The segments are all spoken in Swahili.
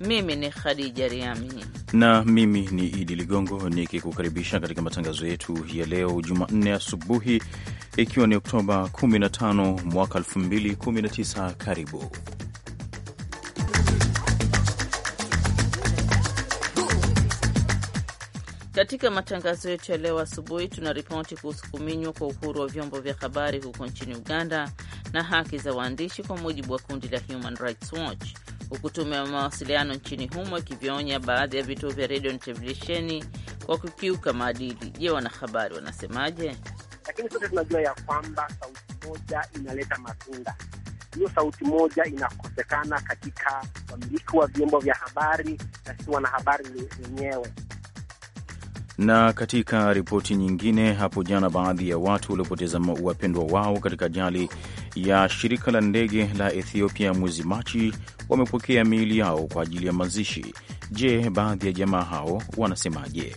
mimi ni Khadija Riami na mimi ni Idi Ligongo nikikukaribisha katika matangazo yetu ya leo Jumanne asubuhi, ikiwa ni Oktoba 15 mwaka 2019. Karibu katika matangazo yetu ya leo asubuhi. Tuna ripoti kuhusu kuminywa kwa uhuru wa vyombo vya habari huko nchini Uganda na haki za waandishi kwa mujibu wa kundi la Human Rights Watch huku tume ya mawasiliano nchini humo ikivyoonya baadhi ya vituo vya redio na televisheni kwa kukiuka maadili. Je, wanahabari wanasemaje? Lakini sote tunajua ya kwamba sauti moja inaleta matunda. Hiyo sauti moja inakosekana katika wamiliki wa vyombo vya habari na si wanahabari wenyewe. Na katika ripoti nyingine, hapo jana, baadhi ya watu waliopoteza wapendwa wao katika ajali ya shirika la ndege la Ethiopia mwezi Machi wamepokea miili yao kwa ajili ya mazishi. Je, baadhi ya jamaa hao wanasemaje?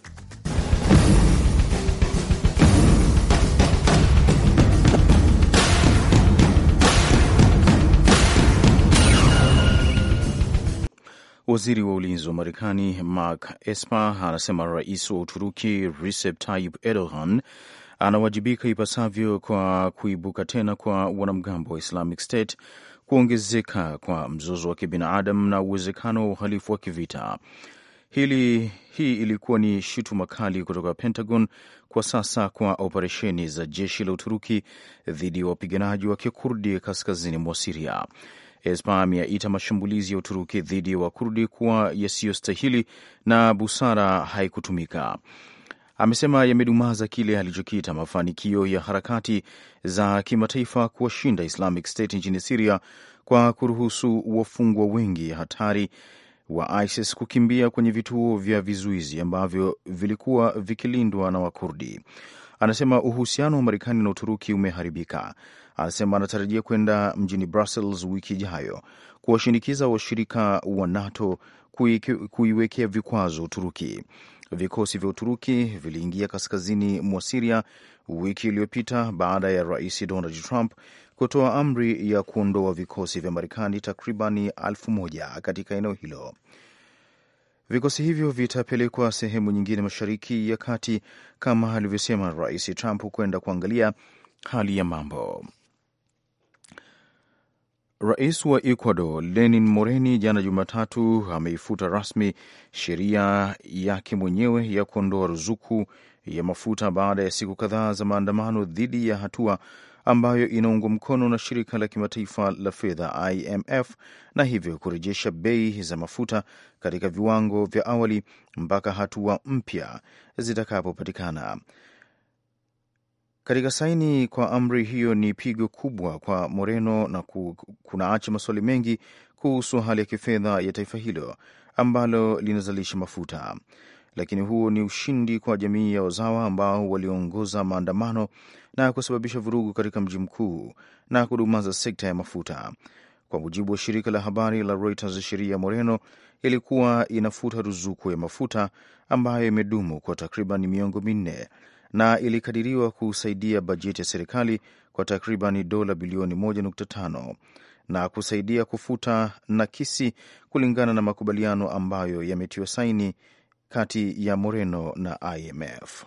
Waziri wa ulinzi wa Marekani Mark Esper anasema rais wa Uturuki Recep Tayyip Erdogan anawajibika ipasavyo kwa kuibuka tena kwa wanamgambo wa Islamic State, kuongezeka kwa mzozo wa kibinadamu na uwezekano wa uhalifu wa kivita. Hili hii ilikuwa ni shutuma kali kutoka Pentagon kwa sasa kwa operesheni za jeshi la Uturuki dhidi ya wapiganaji wa Kikurdi kaskazini mwa Siria. Spam ameaita mashambulizi ya Uturuki dhidi ya Wakurdi kuwa yasiyostahili na busara haikutumika. Amesema yamedumaza kile alichokiita mafanikio ya harakati za kimataifa kuwashinda Islamic State nchini Siria kwa kuruhusu wafungwa wengi hatari wa ISIS kukimbia kwenye vituo vya vizuizi ambavyo vilikuwa vikilindwa na Wakurdi. Anasema uhusiano wa Marekani na Uturuki umeharibika anasema anatarajia kwenda mjini Brussels wiki ijayo kuwashinikiza washirika wa NATO kuiwekea vikwazo Uturuki. Vikosi vya Uturuki viliingia kaskazini mwa Siria wiki iliyopita baada ya Rais Donald Trump kutoa amri ya kuondoa vikosi vya Marekani takribani elfu moja katika eneo hilo. Vikosi hivyo vitapelekwa sehemu nyingine mashariki ya kati, kama alivyosema Rais Trump, kwenda kuangalia hali ya mambo. Rais wa Ecuador Lenin Moreno jana Jumatatu ameifuta rasmi sheria yake mwenyewe ya kuondoa ruzuku ya mafuta baada ya siku kadhaa za maandamano dhidi ya hatua ambayo inaungwa mkono na shirika la kimataifa la fedha IMF na hivyo kurejesha bei za mafuta katika viwango vya awali mpaka hatua mpya zitakapopatikana katika saini kwa amri hiyo ni pigo kubwa kwa Moreno na kunaacha maswali mengi kuhusu hali ya kifedha ya taifa hilo ambalo linazalisha mafuta. Lakini huo ni ushindi kwa jamii ya wazawa ambao waliongoza maandamano na kusababisha vurugu katika mji mkuu na kudumaza sekta ya mafuta. Kwa mujibu wa shirika la habari la Reuters, sheria ya Moreno ilikuwa inafuta ruzuku ya mafuta ambayo imedumu kwa takriban miongo minne na ilikadiriwa kusaidia bajeti ya serikali kwa takriban dola bilioni 1.5 na kusaidia kufuta nakisi kulingana na makubaliano ambayo yametiwa saini kati ya Moreno na IMF.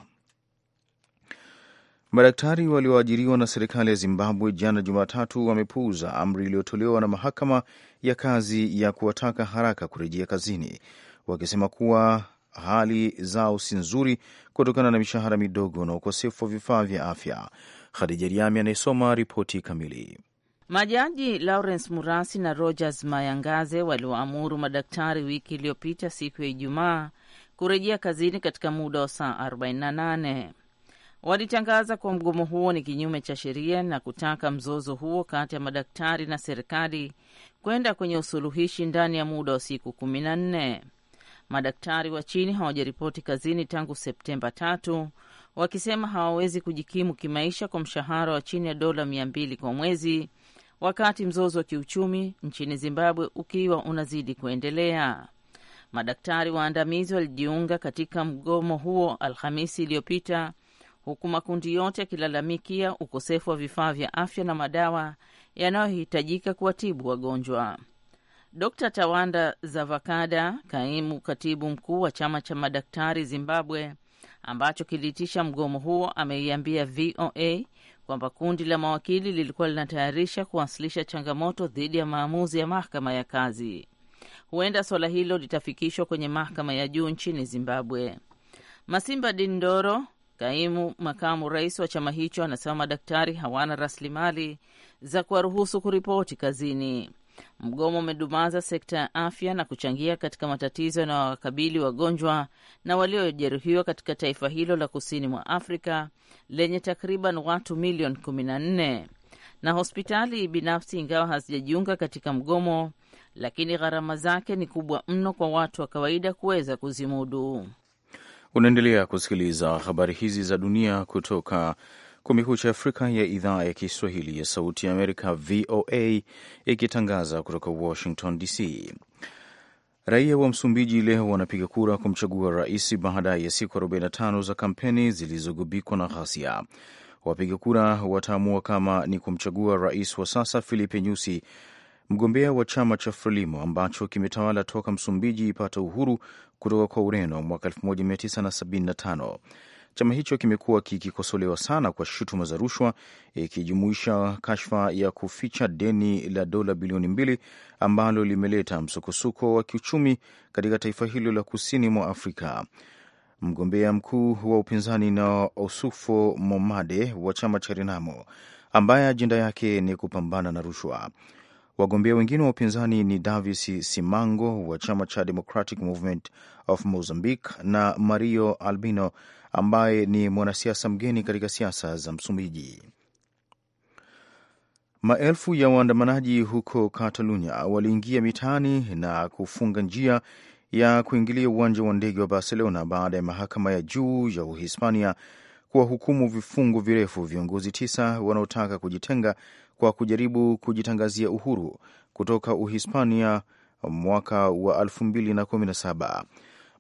Madaktari walioajiriwa na serikali ya Zimbabwe jana Jumatatu wamepuuza amri iliyotolewa na mahakama ya kazi ya kuwataka haraka kurejea kazini, wakisema kuwa hali zao si nzuri kutokana na mishahara midogo na ukosefu wa vifaa vya afya. Khadija Riami anayesoma ripoti kamili. Majaji Lawrence Murasi na Rogers Mayangaze waliwaamuru madaktari wiki iliyopita siku ya Ijumaa kurejea kazini katika muda wa saa 48. Walitangaza kuwa mgomo huo ni kinyume cha sheria na kutaka mzozo huo kati ya madaktari na serikali kwenda kwenye usuluhishi ndani ya muda wa siku nne Madaktari wa chini hawajaripoti kazini tangu Septemba tatu, wakisema hawawezi kujikimu kimaisha kwa mshahara wa chini ya dola mia mbili kwa mwezi, wakati mzozo wa kiuchumi nchini Zimbabwe ukiwa unazidi kuendelea. Madaktari waandamizi walijiunga katika mgomo huo Alhamisi iliyopita huku makundi yote yakilalamikia ukosefu wa vifaa vya afya na madawa yanayohitajika kuwatibu wagonjwa. Dr Tawanda Zavakada, kaimu katibu mkuu wa chama cha madaktari Zimbabwe ambacho kiliitisha mgomo huo, ameiambia VOA kwamba kundi la mawakili lilikuwa linatayarisha kuwasilisha changamoto dhidi ya maamuzi ya mahakama ya kazi. Huenda suala hilo litafikishwa kwenye mahakama ya juu nchini Zimbabwe. Masimba Dindoro, kaimu makamu rais wa chama hicho, anasema madaktari hawana rasilimali za kuwaruhusu kuripoti kazini. Mgomo umedumaza sekta ya afya na kuchangia katika matatizo yanayowakabili wagonjwa na waliojeruhiwa katika taifa hilo la kusini mwa Afrika lenye takriban watu milioni nne na hospitali binafsi ingawa hazijajiunga katika mgomo, lakini gharama zake ni kubwa mno kwa watu wa kawaida kuweza kuzimudu. Unaendelea kusikiliza habari hizi za dunia kutoka Kumekucha Afrika ya idhaa ya Kiswahili ya Sauti ya Amerika, VOA, ikitangaza kutoka Washington DC. Raia wa Msumbiji leo wanapiga kura kumchagua rais baada ya siku 45 za kampeni zilizogubikwa na ghasia. Wapiga kura wataamua kama ni kumchagua rais wa sasa Filipe Nyusi, mgombea wa chama cha Frelimo ambacho kimetawala toka Msumbiji ipata uhuru kutoka kwa Ureno mwaka 1975 Chama hicho kimekuwa kikikosolewa sana kwa shutuma za rushwa, ikijumuisha kashfa ya kuficha deni la dola bilioni mbili ambalo limeleta msukosuko wa kiuchumi katika taifa hilo la kusini mwa Afrika. Mgombea mkuu wa upinzani na Osufo Momade wa chama cha Renamo ambaye ajenda yake ni kupambana na rushwa Wagombea wengine wa upinzani ni Davis Simango wa chama cha Democratic Movement of Mozambique na Mario Albino ambaye ni mwanasiasa mgeni katika siasa za Msumbiji. Maelfu ya waandamanaji huko Catalunya waliingia mitaani na kufunga njia ya kuingilia uwanja wa ndege wa Barcelona baada ya mahakama ya juu ya Uhispania kuwahukumu vifungo virefu viongozi tisa wanaotaka kujitenga kwa kujaribu kujitangazia uhuru kutoka Uhispania mwaka wa 2017.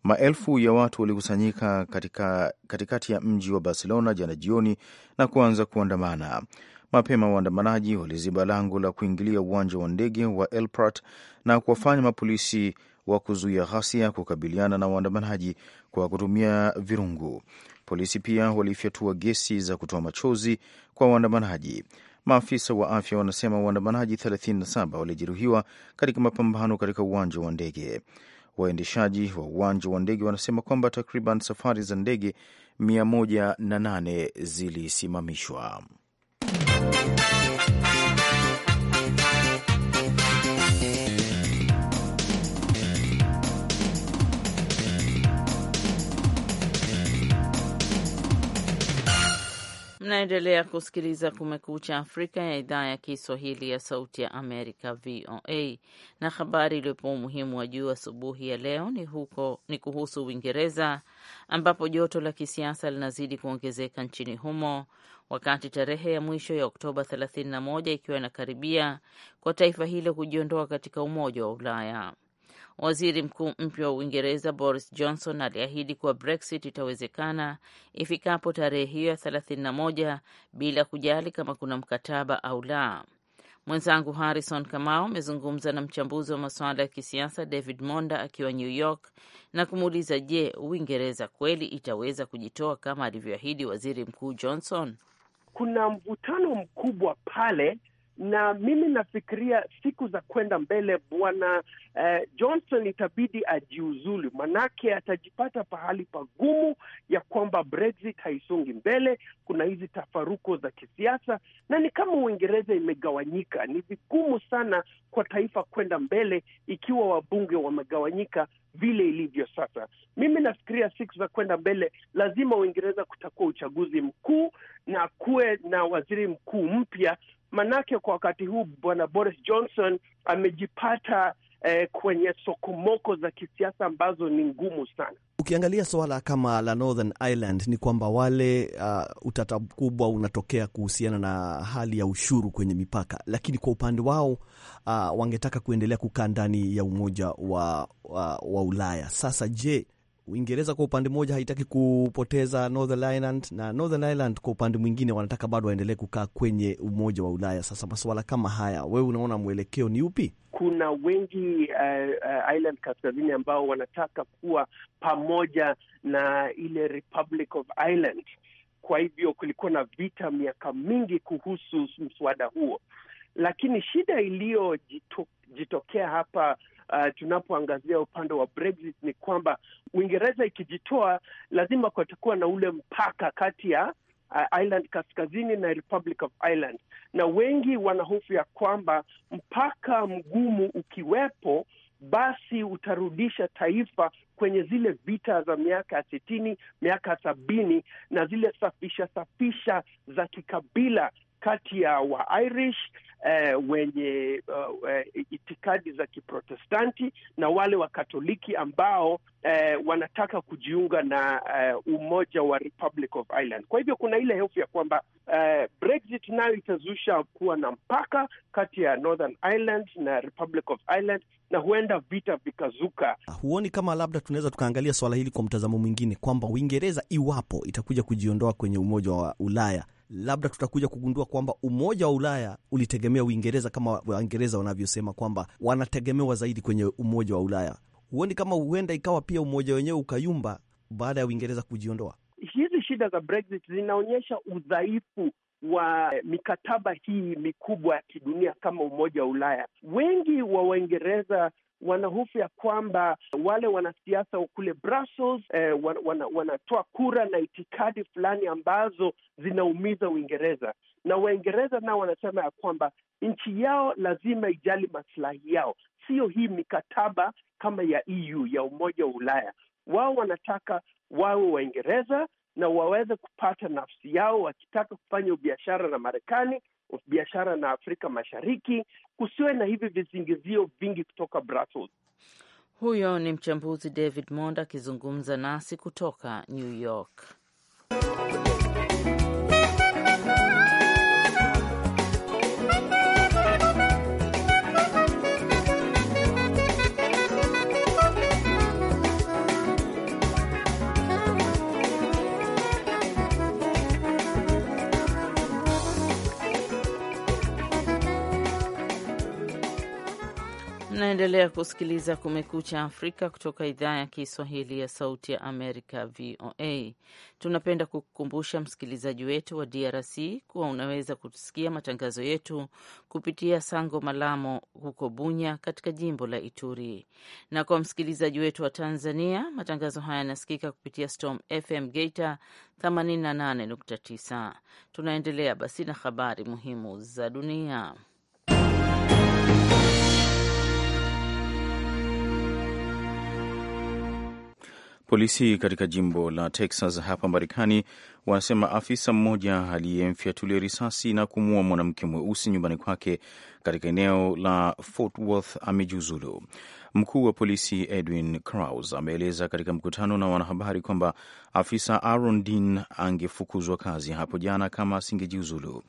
Maelfu ya watu walikusanyika katika, katikati ya mji wa Barcelona jana jioni na kuanza kuandamana. Mapema waandamanaji waliziba lango la kuingilia uwanja wa ndege wa El Prat na kuwafanya mapolisi wa kuzuia ghasia kukabiliana na waandamanaji kwa kutumia virungu. Polisi pia walifyatua gesi za kutoa machozi kwa waandamanaji. Maafisa wa afya wanasema waandamanaji 37 walijeruhiwa katika mapambano katika uwanja wa ndege. Waendeshaji wa uwanja wa ndege wanasema kwamba takriban safari za ndege 108 zilisimamishwa. Mnaendelea kusikiliza Kumekucha Afrika ya idhaa ya Kiswahili ya Sauti ya Amerika, VOA, na habari iliyopo umuhimu wa juu asubuhi ya leo ni huko ni kuhusu Uingereza ambapo joto la kisiasa linazidi kuongezeka nchini humo wakati tarehe ya mwisho ya Oktoba 31 ikiwa inakaribia kwa taifa hilo kujiondoa katika Umoja wa Ulaya. Waziri Mkuu mpya wa Uingereza Boris Johnson aliahidi kuwa Brexit itawezekana ifikapo tarehe hiyo ya 31 bila kujali kama kuna mkataba au la. Mwenzangu Harrison Kamau amezungumza na mchambuzi wa masuala ya kisiasa David Monda akiwa New York na kumuuliza, je, Uingereza kweli itaweza kujitoa kama alivyoahidi waziri mkuu Johnson? Kuna mvutano mkubwa pale na mimi nafikiria siku za kwenda mbele bwana uh, Johnson itabidi ajiuzulu, manake atajipata pahali pagumu ya kwamba Brexit haisongi mbele. Kuna hizi tafaruko za kisiasa, na ni kama Uingereza imegawanyika. Ni vigumu sana kwa taifa kwenda mbele ikiwa wabunge wamegawanyika vile ilivyo sasa. Mimi nafikiria siku za kwenda mbele, lazima Uingereza kutakuwa uchaguzi mkuu na kuwe na waziri mkuu mpya Manake kwa wakati huu bwana Boris Johnson amejipata eh, kwenye sokomoko za kisiasa ambazo ni ngumu sana. Ukiangalia suala kama la Northern Ireland ni kwamba wale uh, utata mkubwa unatokea kuhusiana na hali ya ushuru kwenye mipaka, lakini kwa upande wao uh, wangetaka kuendelea kukaa ndani ya umoja wa, wa, uh, wa Ulaya. Sasa je, Uingereza kwa upande mmoja haitaki kupoteza Northern Ireland na Northern Ireland kwa upande mwingine wanataka bado waendelee kukaa kwenye Umoja wa Ulaya. Sasa masuala kama haya, wewe unaona mwelekeo ni upi? Kuna wengi uh, uh, Ireland kaskazini ambao wanataka kuwa pamoja na ile Republic of Ireland. Kwa hivyo kulikuwa na vita miaka mingi kuhusu mswada huo, lakini shida iliyojitokea hapa uh, tunapoangazia upande wa Brexit ni kwamba Uingereza ikijitoa lazima kutakuwa na ule mpaka kati ya uh, Ireland kaskazini na Republic of Ireland, na wengi wanahofu ya kwamba mpaka mgumu ukiwepo basi utarudisha taifa kwenye zile vita za miaka ya sitini, miaka sabini na zile safisha safisha za kikabila kati ya Wairish eh, wenye uh, uh, itikadi za Kiprotestanti na wale wa katoliki ambao eh, wanataka kujiunga na eh, umoja wa Republic of Ireland. Kwa hivyo kuna ile hofu ya kwamba eh, Brexit nayo itazusha kuwa na mpaka kati ya Northern Ireland na Republic of Ireland na huenda vita vikazuka. Huoni kama labda tunaweza tukaangalia swala hili kwa mtazamo mwingine kwamba Uingereza iwapo itakuja kujiondoa kwenye umoja wa Ulaya labda tutakuja kugundua kwamba umoja wa Ulaya ulitegemea Uingereza kama Waingereza wanavyosema kwamba wanategemewa zaidi kwenye umoja wa Ulaya. Huoni kama huenda ikawa pia umoja wenyewe ukayumba baada ya Uingereza kujiondoa? Hizi shida za Brexit zinaonyesha udhaifu wa mikataba hii mikubwa ya kidunia kama umoja wa Ulaya. Wengi wa Waingereza wanahofu ya kwamba wale wanasiasa kule Brussels eh, wana, wanatoa kura na itikadi fulani ambazo zinaumiza Uingereza na Waingereza nao wanasema ya kwamba nchi yao lazima ijali maslahi yao, sio hii mikataba kama ya EU ya Umoja wa Ulaya. Wao wanataka wawe Waingereza na waweze kupata nafsi yao, wakitaka kufanya biashara na Marekani biashara na Afrika Mashariki, kusiwe na hivi vizingizio vingi kutoka Brussels. Huyo ni mchambuzi David Monda akizungumza nasi kutoka New York. Unaendelea kusikiliza Kumekucha Afrika kutoka idhaa ya Kiswahili ya Sauti ya Amerika, VOA. Tunapenda kukukumbusha msikilizaji wetu wa DRC kuwa unaweza kusikia matangazo yetu kupitia Sango Malamo huko Bunya, katika jimbo la Ituri, na kwa msikilizaji wetu wa Tanzania, matangazo haya yanasikika kupitia Storm FM Geita 88.9. Tunaendelea basi na habari muhimu za dunia. Polisi katika jimbo la Texas hapa Marekani wanasema afisa mmoja aliyemfyatulia risasi na kumuua mwanamke mweusi nyumbani kwake katika eneo la Fort Worth amejiuzulu. Mkuu wa polisi Edwin craus ameeleza katika mkutano na wanahabari kwamba afisa Aaron Dean angefukuzwa kazi hapo jana kama asingejiuzulu.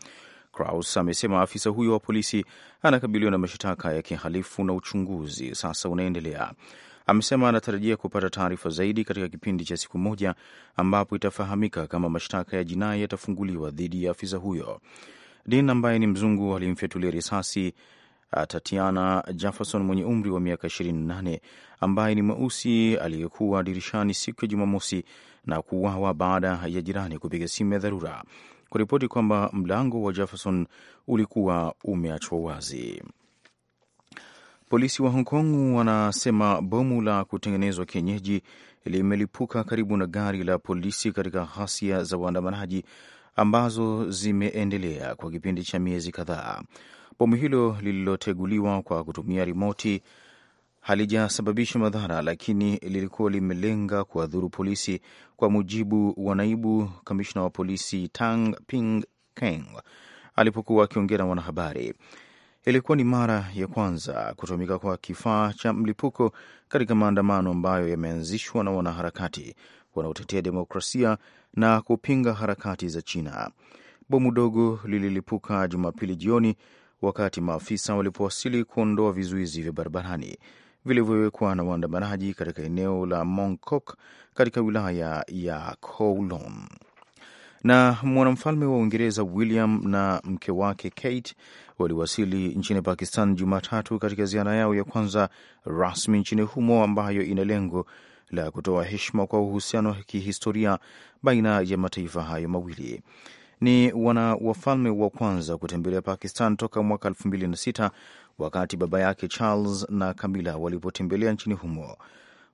Kraus amesema afisa huyo wa polisi anakabiliwa na mashtaka ya kihalifu na uchunguzi sasa unaendelea amesema anatarajia kupata taarifa zaidi katika kipindi cha siku moja ambapo itafahamika kama mashtaka ya jinai yatafunguliwa dhidi ya afisa huyo. Din ambaye ni mzungu alimfyatulia risasi uh, Tatiana Jefferson mwenye umri wa miaka 28 ambaye ni mweusi aliyekuwa dirishani siku ya Jumamosi na kuuawa baada ya jirani kupiga simu ya dharura kuripoti kwamba mlango wa Jefferson ulikuwa umeachwa wazi. Polisi wa Hong Kong wanasema bomu la kutengenezwa kienyeji limelipuka karibu na gari la polisi katika ghasia za waandamanaji ambazo zimeendelea kwa kipindi cha miezi kadhaa. Bomu hilo lililoteguliwa kwa kutumia rimoti halijasababisha madhara, lakini lilikuwa limelenga kuwadhuru polisi, kwa mujibu wa naibu kamishna wa polisi Tang Ping Keng alipokuwa akiongea na wanahabari. Ilikuwa ni mara ya kwanza kutumika kwa kifaa cha mlipuko katika maandamano ambayo yameanzishwa na wanaharakati wanaotetea demokrasia na kupinga harakati za China. Bomu dogo lililipuka Jumapili jioni wakati maafisa walipowasili kuondoa vizuizi vya barabarani vilivyowekwa na waandamanaji katika eneo la Mongkok katika wilaya ya Kowloon. Na mwanamfalme wa Uingereza William na mke wake Kate waliwasili nchini Pakistan Jumatatu katika ziara yao ya kwanza rasmi nchini humo ambayo ina lengo la kutoa heshima kwa uhusiano wa kihistoria baina ya mataifa hayo mawili. Ni wana wafalme wa kwanza kutembelea Pakistan toka mwaka sita wakati baba yake Charles na Kamila walipotembelea nchini humo.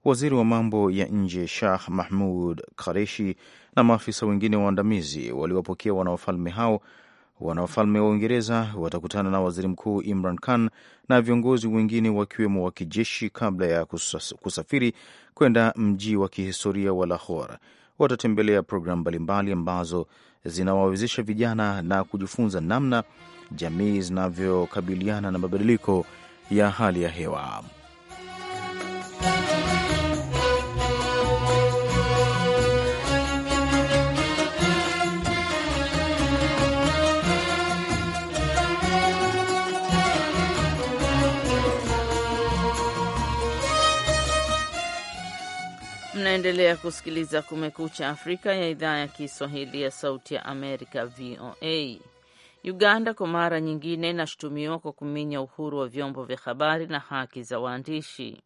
Waziri wa mambo ya nje Shah Mahmud Qureshi na maafisa wengine waandamizi waliwapokea wanawafalme hao Wanawafalme wa Uingereza watakutana na waziri mkuu Imran Khan na viongozi wengine wakiwemo wa kijeshi kabla ya kusafiri kwenda mji wa kihistoria wa Lahore. Watatembelea programu mbalimbali ambazo zinawawezesha vijana na kujifunza namna jamii zinavyokabiliana na mabadiliko ya hali ya hewa. Unaendelea kusikiliza Kumekucha Afrika ya idhaa ya Kiswahili ya Sauti ya Amerika, VOA. Uganda kwa mara nyingine inashutumiwa kwa kuminya uhuru wa vyombo vya habari na haki za waandishi.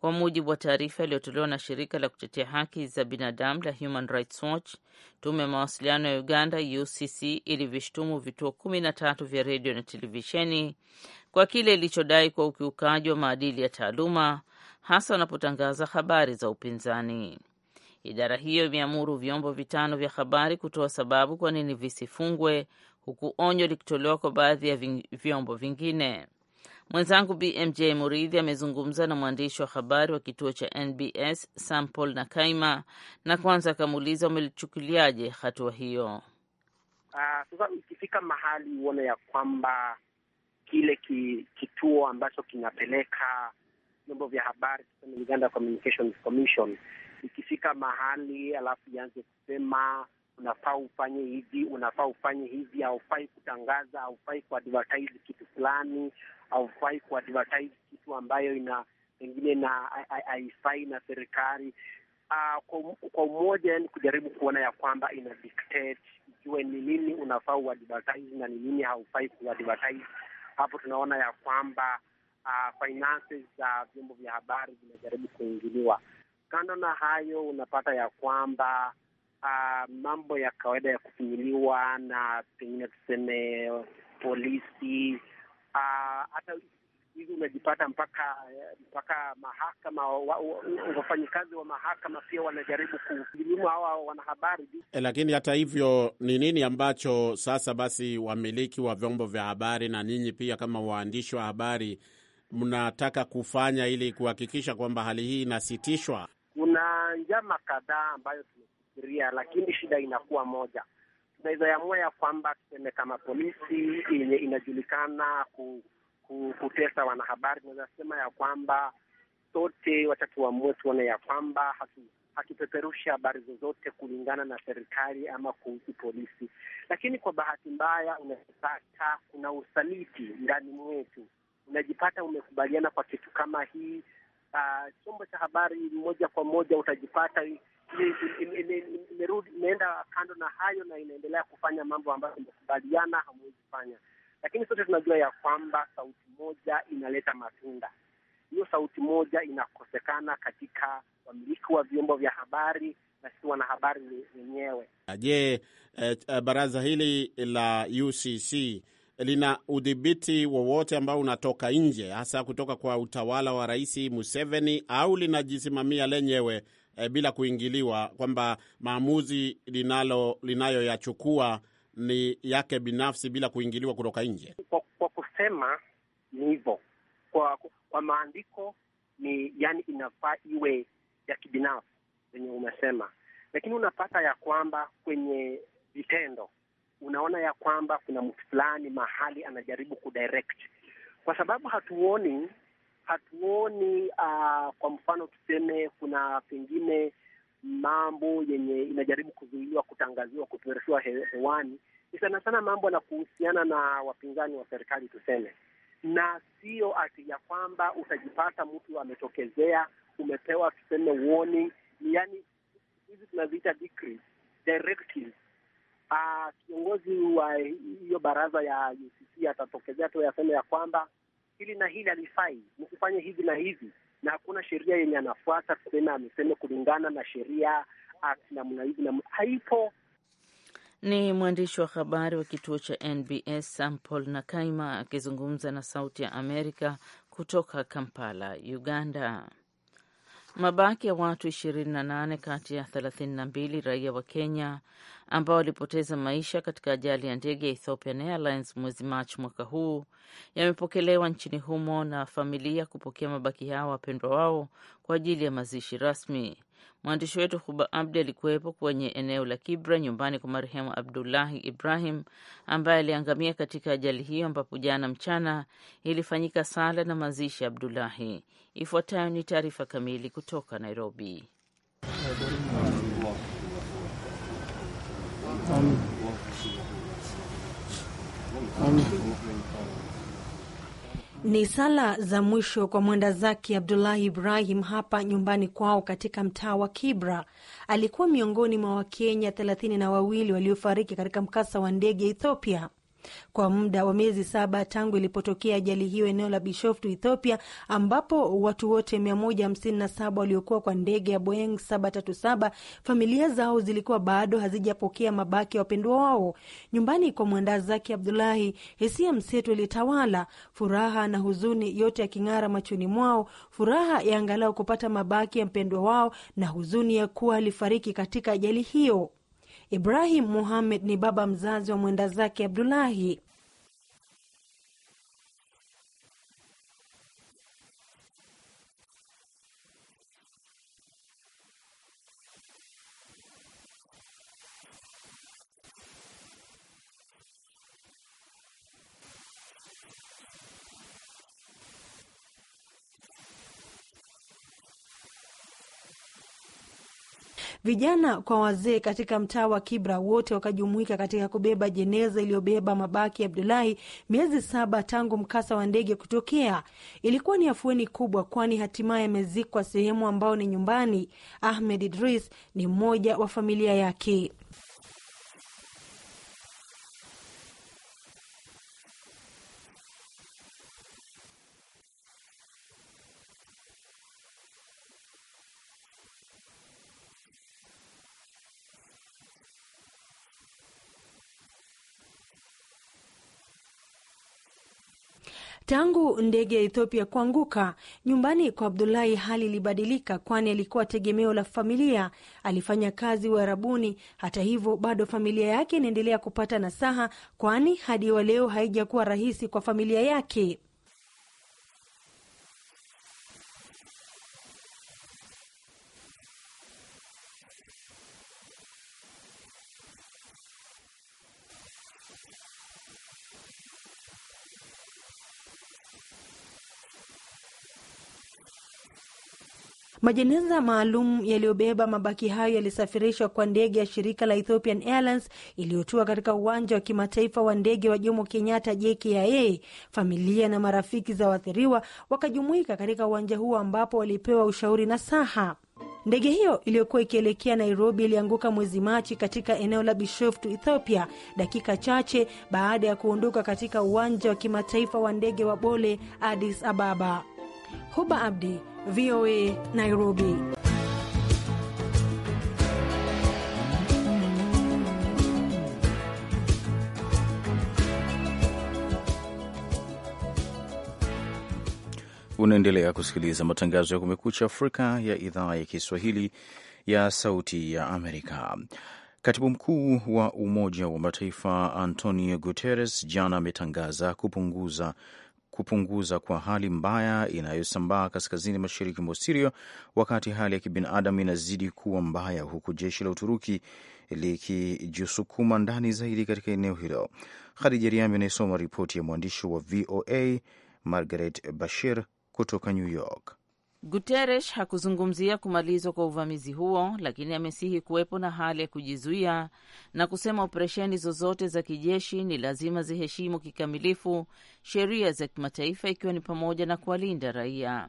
Kwa mujibu wa taarifa iliyotolewa na shirika la kutetea haki za binadamu la Human Rights Watch, tume ya mawasiliano ya Uganda UCC ilivyoshutumu vituo kumi na tatu vya redio na televisheni kwa kile ilichodai kwa ukiukaji wa maadili ya taaluma hasa wanapotangaza habari za upinzani. Idara hiyo imeamuru vyombo vitano vya habari kutoa sababu kwa nini visifungwe, huku onyo likitolewa kwa baadhi ya vyombo vingine. Mwenzangu BMJ Muridhi amezungumza na mwandishi wa habari wa kituo cha NBS Sampol na Kaima, na kwanza akamuuliza wamelichukuliaje hatua hiyo. Uh, sasa ikifika mahali uone ya kwamba kile ki, kituo ambacho kinapeleka vyombo vya habari tuseme Uganda Communications Commission ikifika mahali alafu ianze kusema unafaa ufanye hivi, unafaa ufanye hivi, haufai kutangaza, haufai kuadvertise kitu fulani, haufai kuadvertise kitu ambayo ina pengine na haifai na serikali. Uh, kwa umoja, yani kujaribu kuona ya kwamba ina dictate ikiwe ni nini unafaa uadvertise na ni nini haufai kuadvertise. Hapo tunaona ya kwamba uh, finances za uh, vyombo vya habari vinajaribu kuingiliwa. Kando na hayo, unapata ya kwamba uh, mambo ya kawaida ya kufinyiliwa na pengine tuseme polisi ah, hata uh, hivi unajipata mpaka mpaka mahakama, wafanyikazi wa mahakama pia wanajaribu kuilimu hawa wanahabari. Eh, lakini hata hivyo, ni nini ambacho sasa basi wamiliki wa vyombo vya habari na ninyi pia kama waandishi wa habari mnataka kufanya ili kuhakikisha kwamba hali hii inasitishwa? Kuna njama kadhaa ambayo tumefikiria, lakini shida inakuwa moja. Tunaweza ya kwamba tuseme kama polisi yenye inajulikana ku, ku, kutesa wanahabari, tunaweza sema ya kwamba sote wacha tuamue, tuone ya kwamba hatupeperushi habari zozote kulingana na serikali ama kuhusu polisi. Lakini kwa bahati mbaya, unapata kuna usaliti ndani mwetu unajipata umekubaliana kwa kitu kama hii. Uh, chombo cha habari moja kwa moja utajipata imerudi imeenda kando na hayo na inaendelea kufanya mambo ambayo imekubaliana hamwezi fanya, lakini sote tunajua ya kwamba sauti moja inaleta matunda. Hiyo sauti moja inakosekana katika wamiliki wa vyombo vya habari na si wanahabari wenyewe. Je, eh, eh, baraza hili la UCC lina udhibiti wowote ambao unatoka nje, hasa kutoka kwa utawala wa Rais Museveni, au linajisimamia lenyewe e, bila kuingiliwa, kwamba maamuzi linalo linayoyachukua ni yake binafsi bila kuingiliwa kutoka nje? Kwa, kwa kusema ni hivyo, kwa, kwa maandiko ni yani, inafaa iwe ya kibinafsi venye umesema, lakini unapata ya kwamba kwenye vitendo unaona ya kwamba kuna mtu fulani mahali anajaribu kudirect, kwa sababu hatuoni hatuoni uh, kwa mfano tuseme kuna pengine mambo yenye inajaribu kuzuiliwa kutangaziwa kupeperushwa he, hewani ni sana sana mambo na kuhusiana na wapinzani wa serikali tuseme, na sio ati ya kwamba utajipata mtu ametokezea umepewa tuseme warning, yani hizi tunaziita directives Uh, kiongozi wa hiyo baraza ya UCC atatokezea tu yaseme ya kwamba hili na hili alifai, msifanye hivi na hivi, na hakuna sheria yenye anafuata, tuseme ameseme kulingana na sheria namna hivi na haipo. Ni mwandishi wa habari wa kituo cha NBS Sampol na Kaima akizungumza na Sauti ya Amerika kutoka Kampala, Uganda. Mabaki ya watu 28 kati ya 32 raia wa Kenya ambao walipoteza maisha katika ajali ya ndege ya Ethiopian Airlines mwezi Machi mwaka huu yamepokelewa nchini humo na familia kupokea mabaki yao wapendwa wao kwa ajili ya mazishi rasmi. Mwandishi wetu Huba Abdi alikuwepo kwenye eneo la Kibra, nyumbani kwa marehemu Abdullahi Ibrahim ambaye aliangamia katika ajali hiyo, ambapo jana mchana ilifanyika sala na mazishi ya Abdullahi. Ifuatayo ni taarifa kamili kutoka Nairobi. Amin. Amin. Amin. Ni sala za mwisho kwa mwenda zake Abdullahi Ibrahim hapa nyumbani kwao katika mtaa wa Kibra. Alikuwa miongoni mwa Wakenya thelathini na wawili waliofariki katika mkasa wa ndege ya Ethiopia kwa muda wa miezi saba tangu ilipotokea ajali hiyo eneo la Bishoftu, Ethiopia, ambapo watu wote 157 waliokuwa kwa ndege ya Boeing 737 familia zao zilikuwa bado hazijapokea mabaki ya wapendwa wao nyumbani. Kwa mwandaa zake Abdulahi, hisia mseto ilitawala, furaha na huzuni yote yaking'ara machoni mwao, furaha ya angalau kupata mabaki ya mpendwa wao na huzuni ya kuwa alifariki katika ajali hiyo. Ibrahim muhamed ni baba mzazi wa mwenda zake Abdulahi. Vijana kwa wazee katika mtaa wa Kibra wote wakajumuika katika kubeba jeneza iliyobeba mabaki ya Abdulahi miezi saba tangu mkasa wa ndege kutokea. Ilikuwa ni afueni kubwa, kwani hatimaye amezikwa sehemu ambao ni nyumbani. Ahmed Idris ni mmoja wa familia yake. Tangu ndege ya Ethiopia kuanguka nyumbani kwa Abdulahi, hali ilibadilika, kwani alikuwa tegemeo la familia. Alifanya kazi Uarabuni. Hata hivyo, bado familia yake inaendelea kupata nasaha, kwani hadi wa leo haijakuwa rahisi kwa familia yake. Majeneza maalum yaliyobeba mabaki hayo yalisafirishwa kwa ndege ya shirika la Ethiopian Airlines iliyotua katika uwanja wa kimataifa wa ndege wa Jomo Kenyatta JKIA. Familia na marafiki za waathiriwa wakajumuika katika uwanja huo ambapo walipewa ushauri na saha. Ndege hiyo iliyokuwa ikielekea Nairobi ilianguka mwezi Machi katika eneo la Bishoftu, Ethiopia, dakika chache baada ya kuondoka katika uwanja wa kimataifa wa ndege wa Bole, Addis Ababa. Huba Abdi, VOA Nairobi. Unaendelea kusikiliza matangazo ya Kumekucha Afrika ya idhaa ya Kiswahili ya Sauti ya Amerika. Katibu mkuu wa Umoja wa Mataifa Antonio Guterres jana ametangaza kupunguza kupunguza kwa hali mbaya inayosambaa kaskazini mashariki mwa Siria, wakati hali ya kibinadamu inazidi kuwa mbaya, huku jeshi la Uturuki likijisukuma ndani zaidi katika eneo hilo. Khadija Riami anayesoma ripoti ya mwandishi wa VOA Margaret Bashir kutoka New York. Guterres hakuzungumzia kumalizwa kwa uvamizi huo, lakini amesihi kuwepo na hali ya kujizuia na kusema operesheni zozote za kijeshi ni lazima ziheshimu kikamilifu sheria za kimataifa, ikiwa ni pamoja na kuwalinda raia.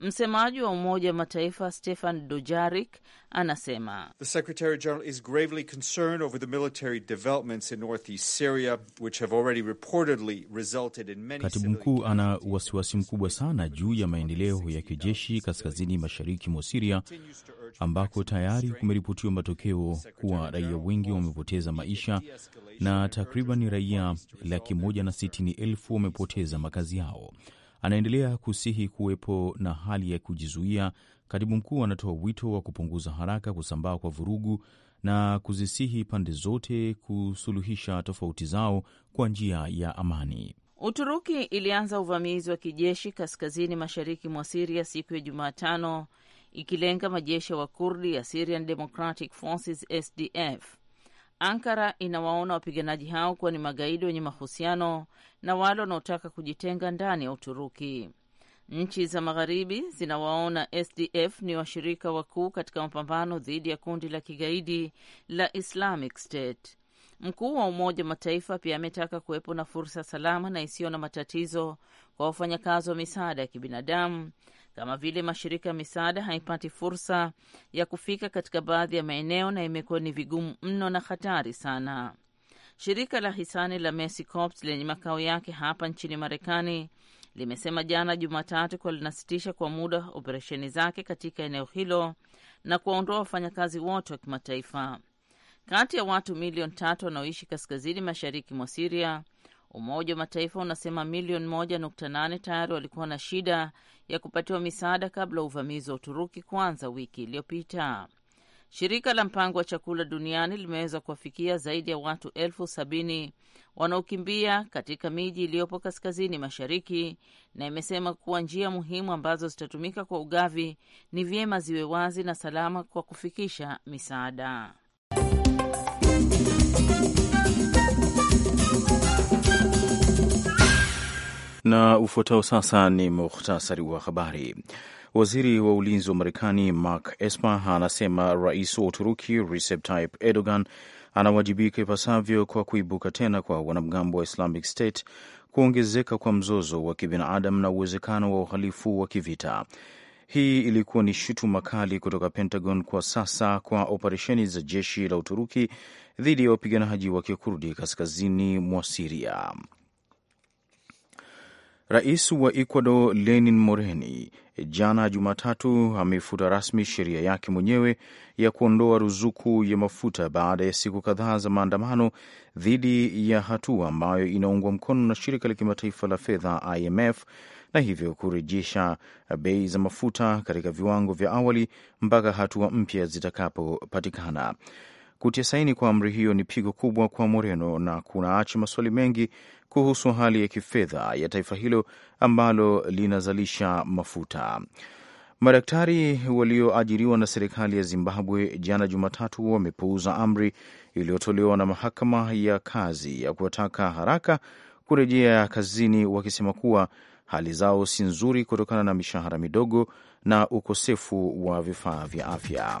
Msemaji wa Umoja wa Mataifa Stefan Dujarik anasema katibu mkuu ana wasiwasi mkubwa sana juu ya maendeleo ya kijeshi kaskazini mashariki mwa Siria, ambako tayari kumeripotiwa matokeo kuwa raia wengi wamepoteza maisha na takriban raia laki moja na sitini elfu wamepoteza makazi yao. Anaendelea kusihi kuwepo na hali ya kujizuia. Katibu mkuu anatoa wito wa kupunguza haraka kusambaa kwa vurugu na kuzisihi pande zote kusuluhisha tofauti zao kwa njia ya amani. Uturuki ilianza uvamizi wa kijeshi kaskazini mashariki mwa Siria siku ya Jumatano, ikilenga majeshi ya Wakurdi ya Syrian Democratic Forces SDF Ankara inawaona wapiganaji hao kuwa ni magaidi wenye mahusiano na wale wanaotaka kujitenga ndani ya Uturuki. Nchi za magharibi zinawaona SDF ni washirika wakuu katika mapambano dhidi ya kundi la kigaidi la Islamic State. Mkuu wa Umoja wa Mataifa pia ametaka kuwepo na fursa salama na isiyo na matatizo kwa wafanyakazi wa misaada ya kibinadamu kama vile mashirika ya misaada haipati fursa ya kufika katika baadhi ya maeneo na imekuwa ni vigumu mno na hatari sana. Shirika la hisani la Mercy Corps lenye makao yake hapa nchini Marekani limesema jana Jumatatu kuwa linasitisha kwa muda operesheni zake katika eneo hilo na kuwaondoa wafanyakazi wote wa kimataifa. Kati ya watu milioni tatu wanaoishi kaskazini mashariki mwa Siria Umoja wa Mataifa unasema milioni moja nukta nane tayari walikuwa na shida ya kupatiwa misaada kabla ya uvamizi wa Uturuki kuanza wiki iliyopita. Shirika la mpango wa chakula duniani limeweza kuwafikia zaidi ya watu elfu sabini wanaokimbia katika miji iliyopo kaskazini mashariki, na imesema kuwa njia muhimu ambazo zitatumika kwa ugavi ni vyema ziwe wazi na salama kwa kufikisha misaada. Na ufuatao sasa ni muhtasari wa habari. Waziri wa ulinzi wa Marekani Mark Esper anasema rais wa Uturuki Recep Tayyip Erdogan anawajibika ipasavyo kwa kuibuka tena kwa wanamgambo wa Islamic State, kuongezeka kwa mzozo wa kibinadamu na uwezekano wa uhalifu wa kivita. Hii ilikuwa ni shutuma kali kutoka Pentagon kwa sasa kwa operesheni za jeshi la Uturuki dhidi ya wapiganaji wa Kikurdi kaskazini mwa Siria. Rais wa Ecuador Lenin Moreni jana Jumatatu amefuta rasmi sheria yake mwenyewe ya kuondoa ruzuku ya mafuta baada ya siku kadhaa za maandamano dhidi ya hatua ambayo inaungwa mkono na shirika la kimataifa la fedha IMF na hivyo kurejesha bei za mafuta katika viwango vya awali mpaka hatua mpya zitakapopatikana. Kutia saini kwa amri hiyo ni pigo kubwa kwa Moreno na kunaacha maswali mengi kuhusu hali ya kifedha ya taifa hilo ambalo linazalisha mafuta. Madaktari walioajiriwa na serikali ya Zimbabwe jana Jumatatu wamepuuza amri iliyotolewa na mahakama ya kazi ya kuwataka haraka kurejea kazini, wakisema kuwa hali zao si nzuri kutokana na mishahara midogo na ukosefu wa vifaa vya afya.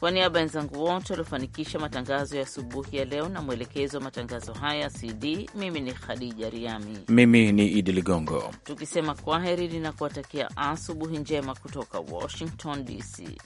Kwa niaba ya wenzangu wote waliofanikisha matangazo ya asubuhi ya leo na mwelekezo wa matangazo haya CD, mimi ni Khadija Riami, mimi ni Idi Ligongo, tukisema kwaheri heri linakuwatakia asubuhi njema kutoka Washington DC.